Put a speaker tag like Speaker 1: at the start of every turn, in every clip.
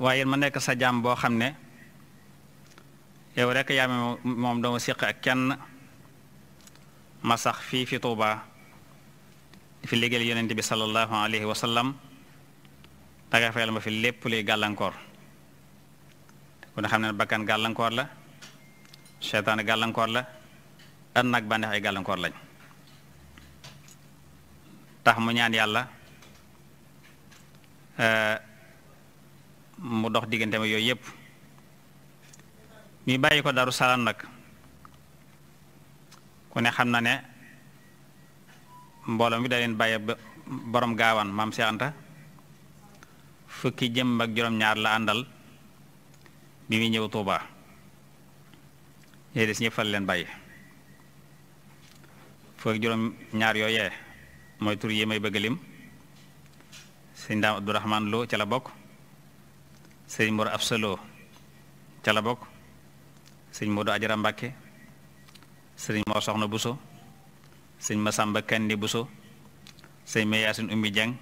Speaker 1: waaye ma nekk sa jaam boo xam ne yow rek yaa moom dama séq ak kenn ma sax fii fi Tuuba fi liggéeyal yonent bi sallallahu alayhi wa sallam danga la ma fi lépp luy gàllankoor ku xam ne bakkan gàllankoor la seytaane gàllankoor la ën nag bànneex ay gàllankoor lañ tax mu ñaan yàlla eh, mu dox diggante ma yooyu yëpp mi bàyyi ko daru salaam nag ku ne xam na ne mbooloo mi daleen leen bàyyi borom gaawaan maam Seex Anta fukki jëm ak juróom-ñaar la àndal bi muy ñëw Tuuba yee des ñëpp fal leen bàyyi fukki juróom-ñaar yooyee mooy tur yi may bëgg lim sëñ daam Abdourahman Lo ca la bokk sëriñ Mor ab sëloo calabok bokk sëriñ Modou Ajara Mbàkke sëriñ Mor Soxna Buso sëriñ Masamba Kandi Buso sëriñ Mayaasin Umbi Jang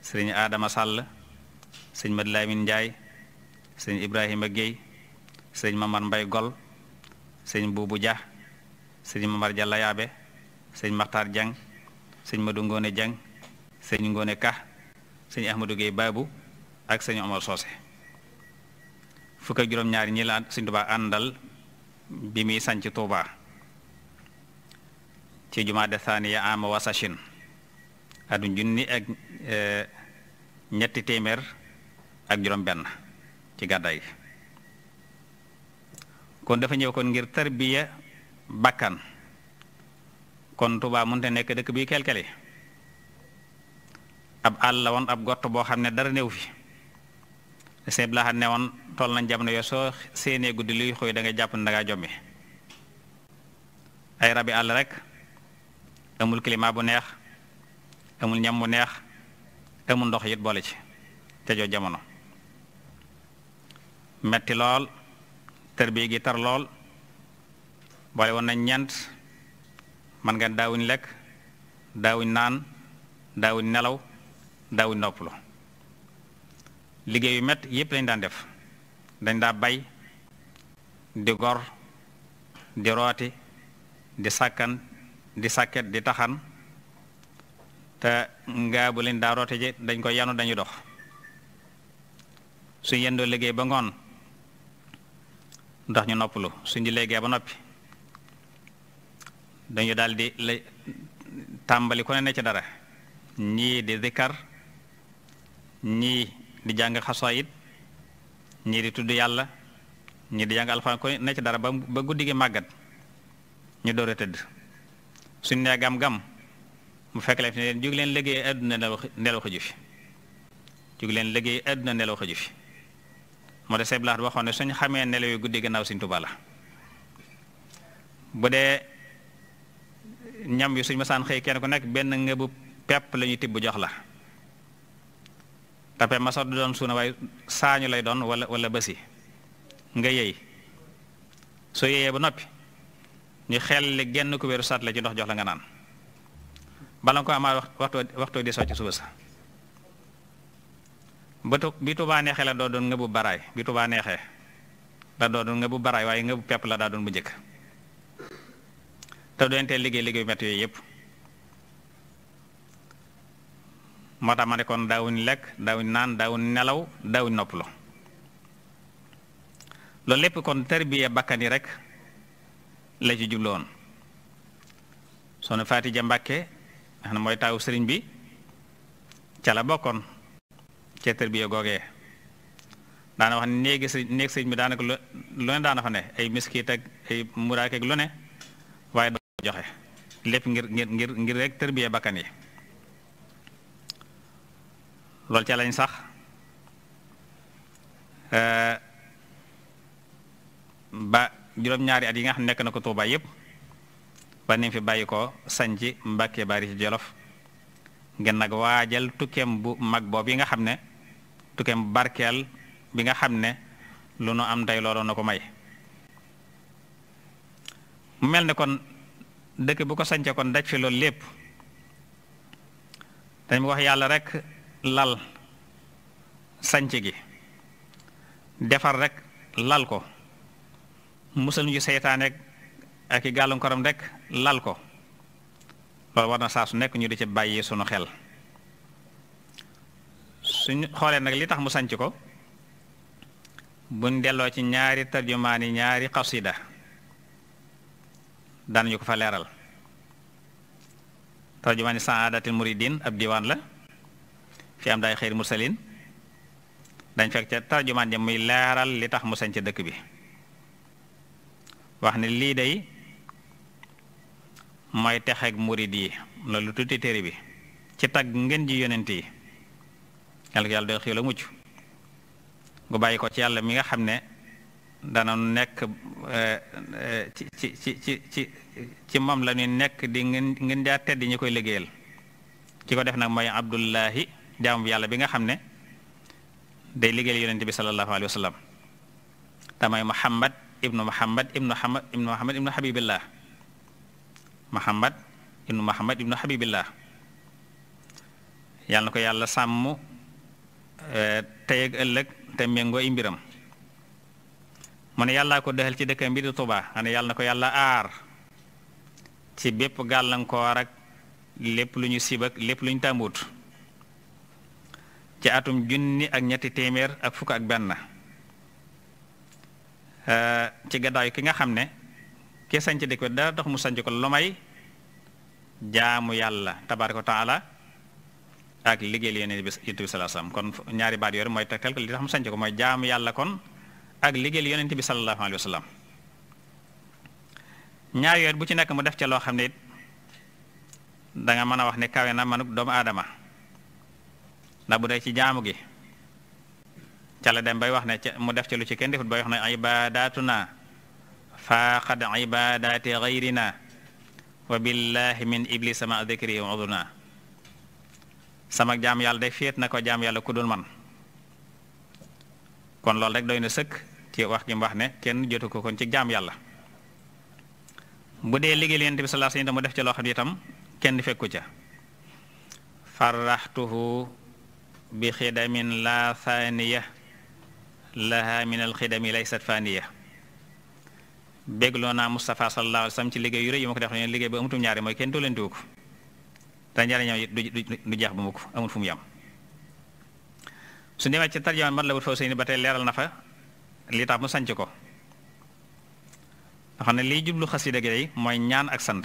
Speaker 1: sëriñ Adama Sàll sëriñ Mad Laamin Njaay sëriñ Ibrahima Géey sëriñ Mamar Mbay Gol sëriñ Buubu Ja sëriñ Mamar Jalla Yaabe sëriñ Maxtaar Jang sëriñ Madu Ngoone Jang sëriñ Ngoone Ka sëriñ Ahmadou Géey Baabu ak sëriñ Omar Soose fukk ak juróom-ñaar ñi la Sëñ Tuubaa àndal bi muy sanc Tuubaa ci jumaada saaniya ama wasachin atum junni ak e, ñetti téeméer ak juróom benn ci gàddaay kon dafa ñëw kon ngir tarbiya bàkkan kon Tuubaa mënte nekk dëkk bi kelkeli ab àll la woon ab gott boo xam ne dara néew fi seeb xam ne woon toll nañ jamono yoo soo séenee guddi luy xooy dangay ngay jàpp ne da ngaa ay rabi àll rekk amul climat bu neex amul ñam bu neex amul ndox yit boole ci te joo jamono metti lool tërbi gi tar lool boole woon nañ ñeent man nga daawuñ lekk daawuñ naan daawuñ nelaw daawuñ liggéey yu mett yépp lañ daan def dañ daa bay di gor di rooti di sàkkan di sàkket di taxan te ngaa bu leen daa roote ji dañ ko yanu dañu dox su suñ doo liggéey ba ngoon ndax ñu noppalu su di liggéey ba noppi dañu daal di la tàmbali ku ne ne ci dara ñii di zikkar ñii di jàng xasaayid ñii di tudd yàlla ñii di jàng alxuraan ko ne ci dara ba ba guddi gi màggat ñu door a tëdd suñ nee gam-gam mu fekk leen fi leen jóg leen liggéey àdduna nelaw xëju fi jóg leen liggéey àdduna nelaw xëju fi moo de seblaat waxoon ne suñ xamee nelaw yu guddi gannaaw suñ tuba la bu dee ñam yu suñ masaan xëy kenn ku nekk benn ngëbu pepp la ñuy tibb jox la tape masot du doon suuna waaye saañu lay doon wala wala basi nga yëy soo yëyee ba noppi ñu xel li genn ku wéeru sat ci ndox jox la nga naan bala nga ko amaat waxtu waxtu di socc suba sa ba tu bi tubaa neexee la doo doon nga bu baraay bi tubaa neexee la doo doon nga baraay waaye nga pepp la daa doon bu njëkk te doyanteel liggéey liggéey métti yooyu yëpp moo tax ma ne kon daawuñ lekk daawuñ naan daawuñ nelaw daawuñ noppaloo loolu lépp kon tarbiya bakkan yi rek la ci jubloon soxna Faati Ja Mbàkke xam ne mooy taawu sëriñ bi ca la bokkoon ca tarbiya googee daana wax ne néegi sëriñ néeg sëriñ bi daanaka lu ne daana fa ne ay miskit ak ay lu ne waaye doo joxe lépp ngir ngir ngir ngir rek tarbiya bakkan yi loolu ca lañ sax euh, ba juróom-ñaari at yi nga xam nekk na ko Tuuba yépp ba ni fi bàyyi ko sañci Mbàkke Bari ci Jolof ngeen nag waajal tukkeem bu mag boobu yi nga xam ne tukkeem bu barkeel bi nga xam ne lu nu am tey looloon na ko may mu mel ni kon dëkk bu ko sañce kon daj fi loolu lépp dañ wax yàlla rek lal sañc gi defar rekk lal ko musal ñu seytaan rek ak i gàllankooram rekk lal ko loolu war na saa su nekk ñu di ci bàyyi sunu xel su xoolee nag li tax mu sanc ko buñ delloo ci ñaari tarjumaani ñaari xasida daan ñu ko fa leeral tarjumaani saadatil muridin ab diwaan la fi am daay xëyr mursalin dañ fekk ca tarjumaan ja muy laaral li tax mu sañ ca dëkk bi wax ne lii day mooy texeeg murid yi loolu tuuti téere bi ci tagg ngën ji yonent yi yàlla ko yàlla doy mucc gu bàyyi ko ci yàlla mi nga xam ne dana nekk eh, eh, ci ci ci ci ci moom la ñuy nekk di ngeen ngeen jaa tedd ñi koy liggéeyal ki ko def nag mooy Abdullahi jaamu yàlla bi nga xam ne day liggéeyal yonente bi sallallahu alayhi wa sallam damay muhammad ibnu muhammad ibnu muhammad ibnu habibillah yàlla ko yàlla sàmm eh, tey ëllëg te méngoo mbiram mu ne yàllaa ko dexal ci dëkk bi di Tuubaa xam yàlla na ko yàlla aar ci bépp gàllankoor ak lépp lu ñu sib ak lu ñu tàmbuut ci atum junni ak ñetti téeméer ak fukk ak benn euh, ci gaddaaw ki nga xam ne ki sanc dëkk bi dara tax mu sanc ko lu may jaamu yàlla tabaaraka wa taala ak liggéeyal bi yonent bi kon ñaari baat yooyu mooy tegtal ko li tax ko mooy jaamu yàlla kon ak liggéeyal yonent bi sallallahu alayhi wasallam ñaar yooyu bu ci nekk mu def ca loo xam ne danga mën a wax ne kawe na manuk doomu aadama ndax bu dee ci jaamu gi ca la dem bay wax ne mu def ci lu ci kenn defut bay wax ne ibadatuna faqad ibadati gayrina wa billahi min iblisa ma dhikri uduna sama jaam yàlla de féet na ko jaam yàlla ku dul man kon loolu rek doy na sëkk ci wax gi mu wax ne kenn jotu ko kon ci jaam yàlla bu dee liggéeyal yonent bi sallallahu alayhi mu def ci loo xam ne itam kenn fekku ca farraxtuhu bi xidamin laa faaniya laha min alxidami laysat faaniya bégloo naa Moustapha sallallahu alayhi wa ci liggéey yu rëy yu ma ko def ne liggéey ba amutum ñaari mooy kenn dooleentiwu ko te njariñam du du jeex bu mukk amul fu mu yam su demee ci tarjumaan man la wut faw sëy ni ba tey leeral na fa li tax mu sanc ko nga xam ne jublu xasida gi mooy ñaan ak sant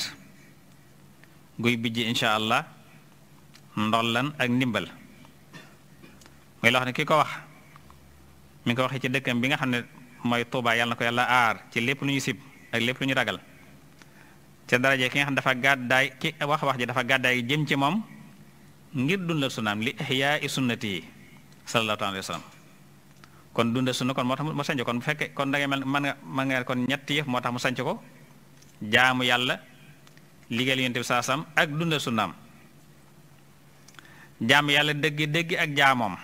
Speaker 1: guy bijji incha allah ndollan ak ndimbal muy loo xam ne kii ko wax mi ngi ko waxee ci dëkkam bi nga xam ne mooy Tuubaa yàlla na ko yàlla aar ci lépp lu ñu sib ak lépp lu ñu ragal ca daraje ki nga xam ne dafa gàddaay ki wax wax ji dafa gàddaay jëm ci moom ngir dundal sunnaam li ihyaa i sunnati yi sallallahu alayhi wa sallam kon dundal sunna kon mu fekkee kon da mel man nga man kon ñetti yëf moo tax mu sanc ko jaamu yàlla liggéeyal yonent bi saa sam ak dundal sunnaam yàlla dëgg dëgg ak jaamoom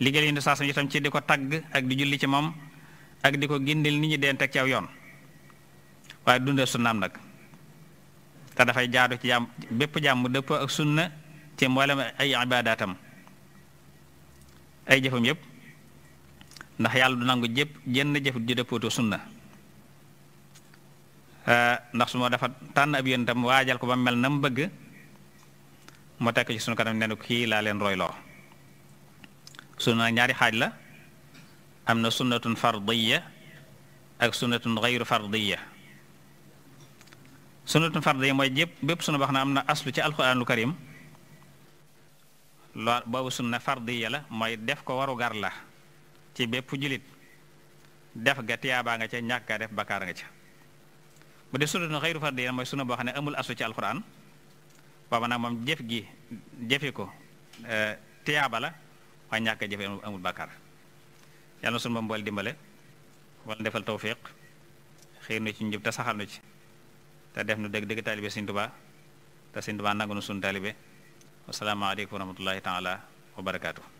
Speaker 1: liggéey yonent saa sallam tam ci di ko tagg ak di julli ci moom ak di ko gindil nit ñi deen teg ci aw yoon waaye dundal sunnaam nag te dafay jaadu ci jàmm bépp jàmm dëppoo ak sunna ci mboolem ay ay jëfam yëpp ndax yàlla du nangu jëpp jenn jëf ju dëppootu sunna euh, ndax su ma dafa tànn ab yonentam waajal ko ba mel na mu bëgg mu tekk ci sunu kanam ne kii laa leen royloo sunna nag ñaari xaaj la am na sunnatun fardiya ak sunnatun gayru fardiya sunnatun fardiya mooy jépp bépp sunna wax na am na aslu ci alxuraanul karim lool boobu sunna fardiya la mooy def ko waru gar la ci bépp julit def ga tiyaabaa nga ca ñàkk ga def bakkaar nga ca bu dee sunnatun gayru fardiya mooy sunna boo xam ne amul aslu ci alxuraan boobu nag moom jëf gi jëfe ko eh, tiyaaba la waaye ñàkk a jëfe amul bàkkaar yàlla na sunu ma mbool dimbale wala defal tawfiq xiir na ci njub te saxal na ci te def nu dëgg dëgg taalibe Sëñ Tuubaa te Sëñ Tuubaa nangu na sunu taalibe wasalaamaaleykum wa rahmatullahi taala wa